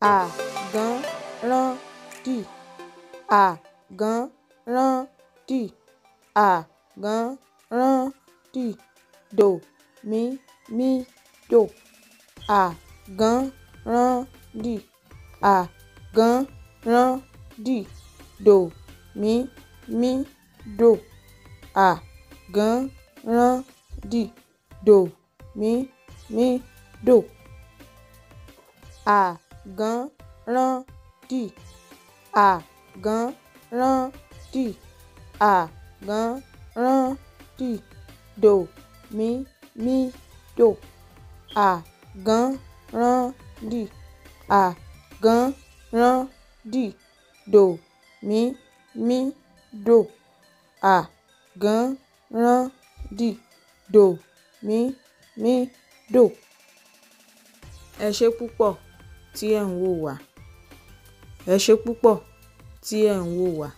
A gan lan ti A gan lan ti A gan lan ti Do mi mi do. A gan lan di A gan lan di Do mi mi do. A gan lan di Do mi mi do. A gan rán dì àgan rán dì àgan rán dì dò a mí dò àgan rán dì àgan rán dì dò mí mí dò àgan rán dì dò mí mí dò. ẹ ṣé púpọ̀ tí ẹ̀ ń wò wá ẹ ṣe púpọ̀ tí ẹ̀ ń wò wá